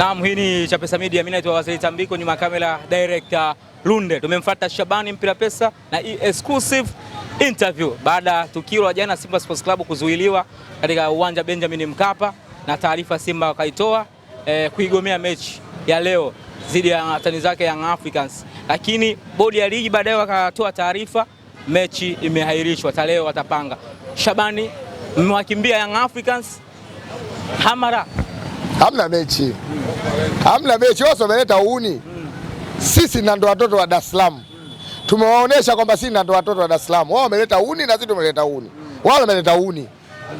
Naam, hii ni Chapesa Media. Mimi naitwa Wazili Tambiko, nyuma kamera director Lunde. Tumemfuata Shabani mpira pesa na exclusive interview baada ya tukio la jana Simba Sports Club kuzuiliwa katika uwanja Benjamin Mkapa na taarifa Simba wakaitoa eh, kuigomea mechi ya leo dhidi ya watani zake Young Africans, lakini bodi ya ligi baadaye wakatoa taarifa, mechi imeahirishwa, taleo watapanga. Shabani, mmewakimbia Young Africans hamara hamna mechi, hamna mechi. Wao wameleta uuni, sisi na ndo watoto wa Dar es Salaam tumewaonesha kwamba sisi na ndo watoto wa Dar es Salaam. Wao wameleta uuni na sisi tumeleta uuni, wao wameleta uuni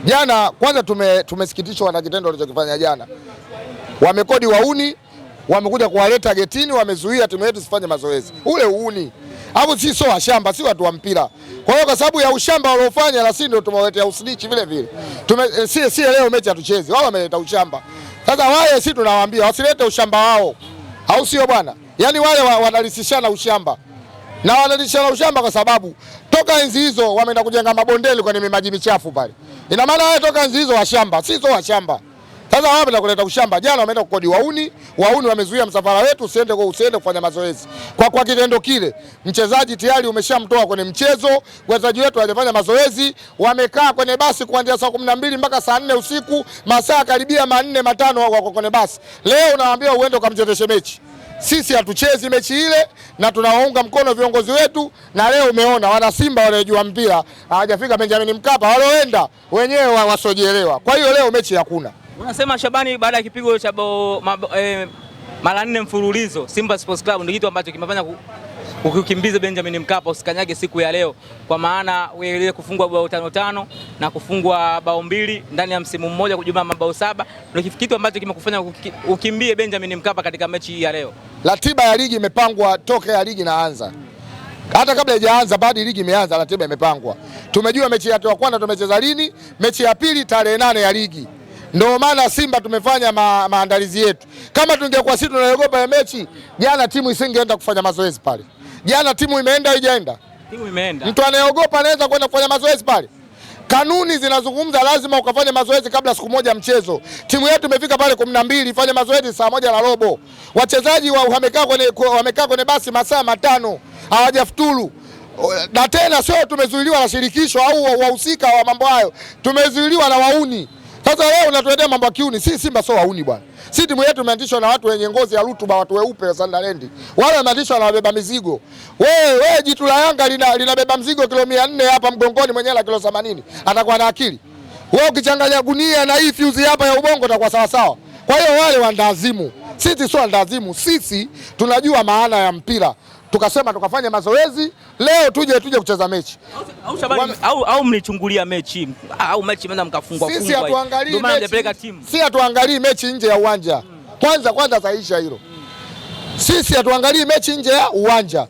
Jana kwanza tume, tumesikitishwa tume na kitendo walichokifanya jana, wamekodi wauni wamekuja kuwaleta getini, wamezuia timu yetu sifanye mazoezi. Ule uuni hapo, si sio washamba, si watu wa mpira. Kwa hiyo kwa sababu ya ushamba waliofanya, na sisi ndio tumewaletea usilichi vile vile. Tume, eh, si, si leo mechi hatuchezi, wao wameleta ushamba. Sasa wale sisi tunawaambia wasilete ushamba wao, au sio bwana? Yaani wale wanalisishana ushamba na wanalisishana ushamba kwa sababu toka enzi hizo wameenda kujenga mabondeli kwenye maji michafu pale. Ina maana wale toka enzi hizo washamba, si sio washamba. Sasa wapi na kuleta ushamba? Jana wameenda kukodi wauni, wauni wamezuia msafara wetu usiende kwa usiende kufanya mazoezi. Kwa kwa kitendo kile, mchezaji tayari umeshamtoa kwenye mchezo, wachezaji wetu hawajafanya mazoezi, wamekaa kwenye basi kuanzia saa 12 mpaka saa 4 usiku, masaa karibia manne matano wako kwenye basi. Leo unawaambia uende ukamchezeshe mechi. Sisi hatuchezi mechi ile na tunawaunga mkono viongozi wetu, na leo umeona wana Simba wanaojua mpira hawajafika Benjamin Mkapa, walioenda wenyewe wasiojielewa. Kwa hiyo leo mechi hakuna. Unasema Shabani, baada ya kipigo cha eh, mara nne mfululizo Simba Sports Club ndio kitu ambacho kimefanya ukikimbiza Benjamin Mkapa usikanyage siku ya leo, kwa maana wewe kufungwa bao tano tano na kufungwa bao mbili ndani ya msimu mmoja kujumla mabao saba ndio kitu ambacho kimekufanya ukimbie Benjamin Mkapa katika mechi hii ya leo. Ratiba ya ligi imepangwa toke ya ligi inaanza, hata kabla haijaanza, bado ligi imeanza, ratiba imepangwa. Tumejua mechi ya kwanza tumecheza lini, mechi ya pili tarehe nane ya ligi ndio maana Simba tumefanya ma, maandalizi yetu. Kama tungekuwa sisi tunaogopa ya mechi jana, timu isingeenda kufanya mazoezi pale. Jana timu imeenda ijaenda, timu imeenda. Mtu anayeogopa anaweza kwenda kufanya mazoezi pale. Kanuni zinazungumza lazima ukafanye mazoezi kabla siku moja mchezo. Timu yetu imefika pale 12 ifanye mazoezi saa moja na robo. Wachezaji wa wamekaa kwenye, wamekaa kwenye basi masaa matano hawajafuturu na tena sio tumezuiliwa na shirikisho au wahusika wa mambo hayo, tumezuiliwa na wauni. Sasa leo unatuletea mambo ya kiuni. Si Simba sio wauni bwana. Si timu yetu imeandishwa na watu wenye ngozi ya rutuba, watu weupe wa Sandalendi. Wale wameandishwa na wabeba mizigo. Wewe wewe jitu la Yanga lina linabeba mzigo kilo 400 hapa mgongoni mwenyewe la kilo 80. Atakuwa na akili. Wewe ukichanganya gunia na hii fuse hapa ya ubongo itakuwa sawa sawa. Kwa hiyo wale wandazimu. Sisi sio wandazimu. Sisi tunajua maana ya mpira tukasema tukafanya mazoezi leo tuje tuje kucheza mechi au, Shabani, au, au mlichungulia mechi au mechi menda mkafungwa sisi hatuangalii mechi, si mechi nje ya uwanja hmm. Kwanza kwanza saisha hilo hmm. Sisi hatuangalii mechi nje ya uwanja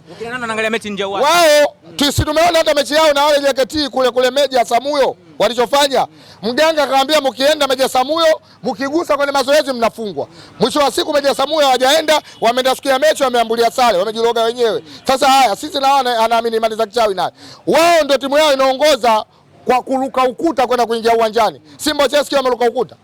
mechi nje ya uwanja wao hmm. Tumeona hata mechi yao na wale JKT kule kule meji ya Samuyo hmm walichofanya mganga akamwambia mkienda Meja Samuyo mkigusa kwenye mazoezi mnafungwa. Mwisho wa siku Meja Samuyo hawajaenda, wameenda siku ya mechi wameambulia sare, wamejiroga wenyewe. Sasa haya sisi nao anaamini imani za kichawi naye, wao ndio timu yao inaongoza kwa kuruka ukuta kwenda kuingia uwanjani. Simba Cheski wameruka ukuta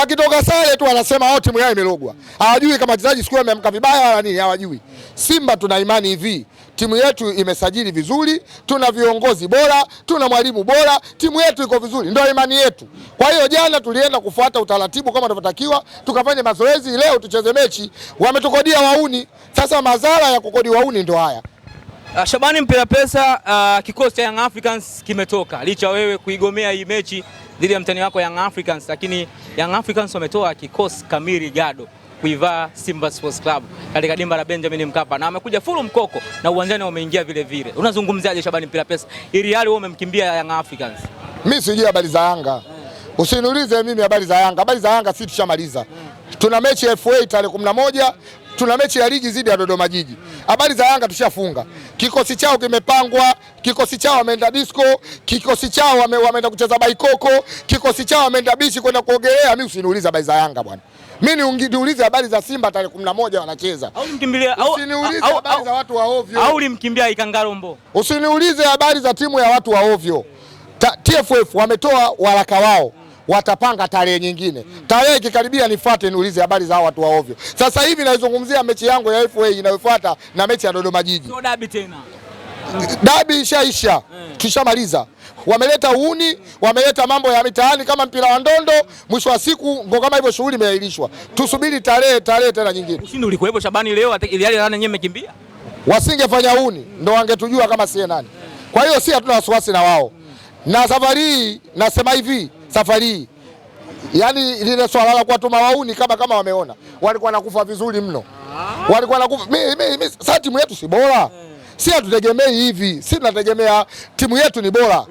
wakitoka sare tu wanasema oh, timu yao imerogwa. Hawajui kama wachezaji siku wameamka vibaya wala nini, hawajui. Simba tuna imani hivi, timu yetu imesajili vizuri, tuna viongozi bora, tuna mwalimu bora, timu yetu iko vizuri, ndio imani yetu. Kwa hiyo jana tulienda kufuata utaratibu kama tunavyotakiwa, tukafanya mazoezi, leo tucheze mechi. Wametukodia wauni, sasa madhara ya kukodi wauni ndio haya. Uh, Shabani mpira pesa, uh, kikosi cha Young Africans kimetoka licha wewe kuigomea hii mechi dhidi ya mtani wako Young Africans, lakini Young Africans wametoa kikosi kamili gado kuivaa Simba Sports Club katika dimba la Benjamin Mkapa na amekuja full mkoko na uwanjani wameingia vile vile. Unazungumziaje Shabani Mpira Pesa? Ili hali wewe umemkimbia Young Africans. Mimi sijui habari za Yanga. Usiniulize mimi habari za Yanga. Habari za Yanga si tushamaliza. Tuna mechi ya FA tarehe 11 tuna mechi ya ligi dhidi ya Dodoma Jiji. Habari za Yanga tushafunga. Kikosi chao kimepangwa, kikosi chao wameenda disco, kikosi chao wameenda kucheza baikoko, kikosi chao wameenda bichi kwenda kuogelea. Mimi usiniulize habari za Yanga bwana. Mimi niulize habari za Simba tarehe 11 wanacheza. Au mkimbilia au usiniulize habari za watu wa ovyo. Au ulimkimbia Ikangarombo. Usiniulize habari za timu ya watu wa ovyo. TFF wametoa waraka wao watapanga tarehe nyingine mm. Tarehe ikikaribia nifuate niulize habari za watu wa ovyo. Sasa hivi naizungumzia mechi yangu ya FA inayofuata na mechi ya Dodoma Jiji. So dabi tena, dabi ishaisha mm. Eh. Tushamaliza. Wameleta uni, wameleta mambo ya mitaani kama mpira wa ndondo. Mwisho wa siku ngo kama hivyo, shughuli imeahirishwa. Tusubiri tarehe tarehe tena nyingine. Ushindi ulikuwepo Shabani leo, ili hali nani yenyewe imekimbia. Wasingefanya uhuni ndo wangetujua kama sie nani. Kwa hiyo si hatuna wasiwasi na wao, mm. na safari hii nasema hivi safari hii. Yaani lile swala la kuwatuma wauni kama kama wameona walikuwa nakufa vizuri mno, ah. walikuwa nakufa. mimi mi, Sasa timu yetu si bora, eh. si hatutegemei hivi, si tunategemea timu yetu ni bora,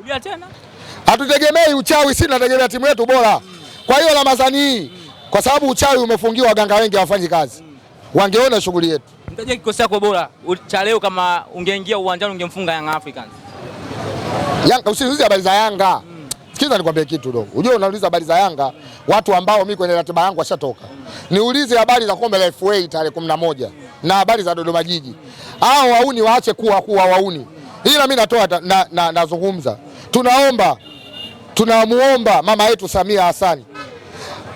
hatutegemei uchawi, si tunategemea timu yetu bora. Hmm. Kwa hiyo Ramadhani hii, hmm. kwa sababu uchawi umefungiwa, waganga wengi hawafanyi kazi, hmm. wangeona shughuli yetu. Mtaje kikosi chako bora cha leo, kama ungeingia uwanjani ungemfunga Young Africans. Yanga usizuzi habari za Yanga Sikiza nikwambie kitu dogo. Unajua unauliza habari za Yanga, watu ambao mimi kwenye ratiba yangu washatoka. Niulize habari za kombe la FA tarehe 11 na habari za Dodoma Jiji. Hao wauni waache kuwa kuwa wauni. Ila mimi natoa na, na, nazungumza. Tunaomba tunamuomba mama yetu Samia Hassan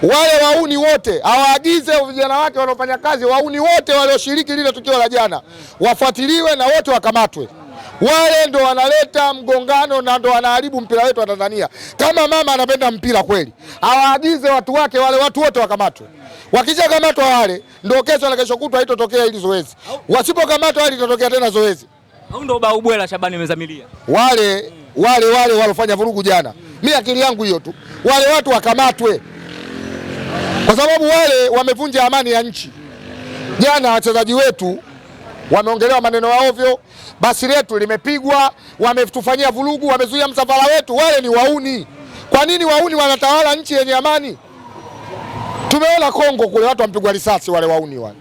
wale wauni wote awaagize vijana wake wanaofanya kazi, wauni wote walioshiriki lile tukio la jana wafuatiliwe na wote wakamatwe. Wale ndo wanaleta mgongano na ndo wanaharibu mpira wetu wa Tanzania. Kama mama anapenda mpira kweli, awaagize watu wake wale watu wote wakamatwe. Wakishakamatwa wale, ndo kesho na kesho kutwa haitotokea hili zoezi. Wasipokamatwa wale, itatokea tena zoezi. au ndo bau bwela Shabani imezamilia wale wale wale walofanya vurugu jana. Mimi akili yangu hiyo tu, wale watu wakamatwe kwa sababu wale wamevunja amani ya nchi. Jana wachezaji wetu wameongelewa maneno ya ovyo, basi letu limepigwa, wametufanyia vurugu, wamezuia msafara wetu. Wale ni wauni. Kwa nini wauni wanatawala nchi yenye amani? Tumeona Kongo kule watu wampigwa risasi wale wauni wale.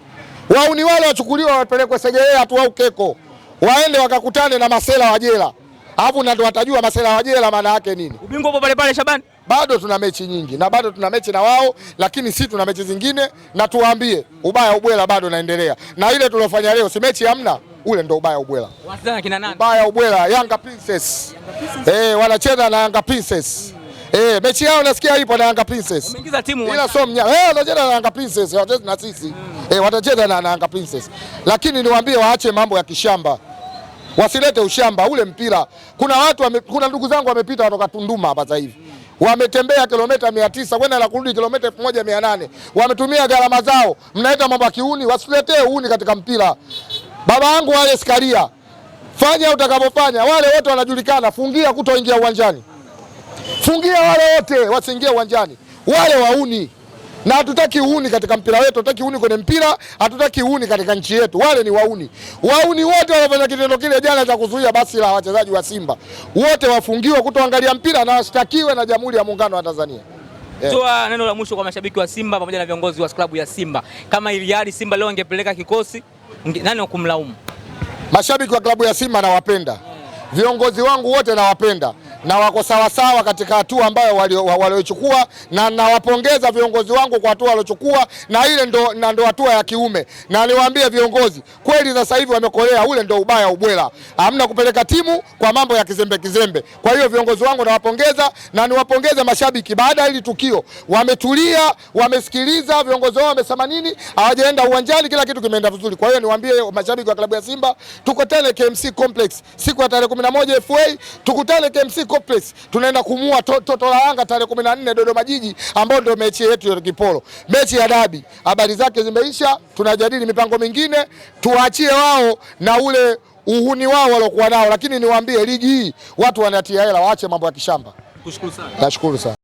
Wauni wale wachukuliwa wapelekwe Segerea tu au Keko, waende wakakutane na masela wa jela alafu ndio watajua masela wa jela maana yake nini. Ubingwa upo pale pale, Shabani, bado tuna mechi nyingi na bado tuna mechi na wao, lakini si tuna mechi zingine, na tuwaambie ubaya ubwela bado naendelea, na ile tuliofanya leo si mechi hamna ule ndo ubaya ubwela. Ubaya ubwela Yanga Princess, eh, wanacheza na Yanga Princess. Eh, mechi yao nasikia ipo na Yanga Princess. Wameingiza timu ila sio mnya. Eh, wanacheza na Yanga Princess, watacheza na sisi. Eh, watacheza na Yanga Princess. Lakini niwaambie waache mambo ya kishamba wasilete ushamba ule mpira. Kuna watu wame, kuna ndugu zangu wamepita kutoka Tunduma hapa sasa hivi wametembea kilomita mia tisa kwenda na kurudi kilomita elfu moja mia nane wametumia gharama zao, mnaleta mambo ya kiuni. Wasiletee uuni katika mpira. Baba yangu wale Skaria, fanya utakapofanya, wale wote wanajulikana. Fungia kutoingia uwanjani, fungia wale wote wasiingie uwanjani, wale wauni na hatutaki uhuni katika mpira wetu, hatutaki uhuni kwenye mpira, hatutaki uhuni katika nchi yetu. Wale ni wauni, wauni wote wanafanya kitendo kile jana cha kuzuia basi la wachezaji wa Simba wote wafungiwe kutoangalia mpira na washtakiwe na Jamhuri ya Muungano wa Tanzania. Yeah. Toa neno la mwisho kwa mashabiki wa Simba pamoja na viongozi wa klabu ya Simba. Kama iliari Simba leo angepeleka kikosi, nani kumlaumu? Mashabiki wa klabu ya Simba nawapenda, viongozi wangu wote nawapenda na wako sawasawa katika hatua ambayo waliochukua, na nawapongeza viongozi wangu kwa hatua waliochukua, na ile ndo, na ndo hatua ya kiume. Na niwaambie viongozi kweli, sasa hivi wamekolea, ule ndo ubaya ubwela, hamna kupeleka timu kwa mambo ya kizembe kizembe. Kwa hiyo viongozi wangu nawapongeza, na niwapongeze mashabiki, baada ya hili tukio wametulia, wamesikiliza viongozi wao, wamesema nini, hawajaenda uwanjani, kila kitu kimeenda vizuri. Kwa hiyo niwaambie mashabiki wa klabu ya Simba, tukutane KMC Complex siku ya tarehe 11 FA, tukutane KMC complex tunaenda kumua toto, to, la Yanga tarehe 14 Dodoma Jiji, ambao ndio mechi yetu ya kipolo, mechi ya dabi. Habari zake zimeisha, tunajadili mipango mingine, tuwaachie wao na ule uhuni wao waliokuwa nao, lakini niwaambie, ligi hii watu wanatia hela, waache mambo ya kishamba. Nashukuru sana.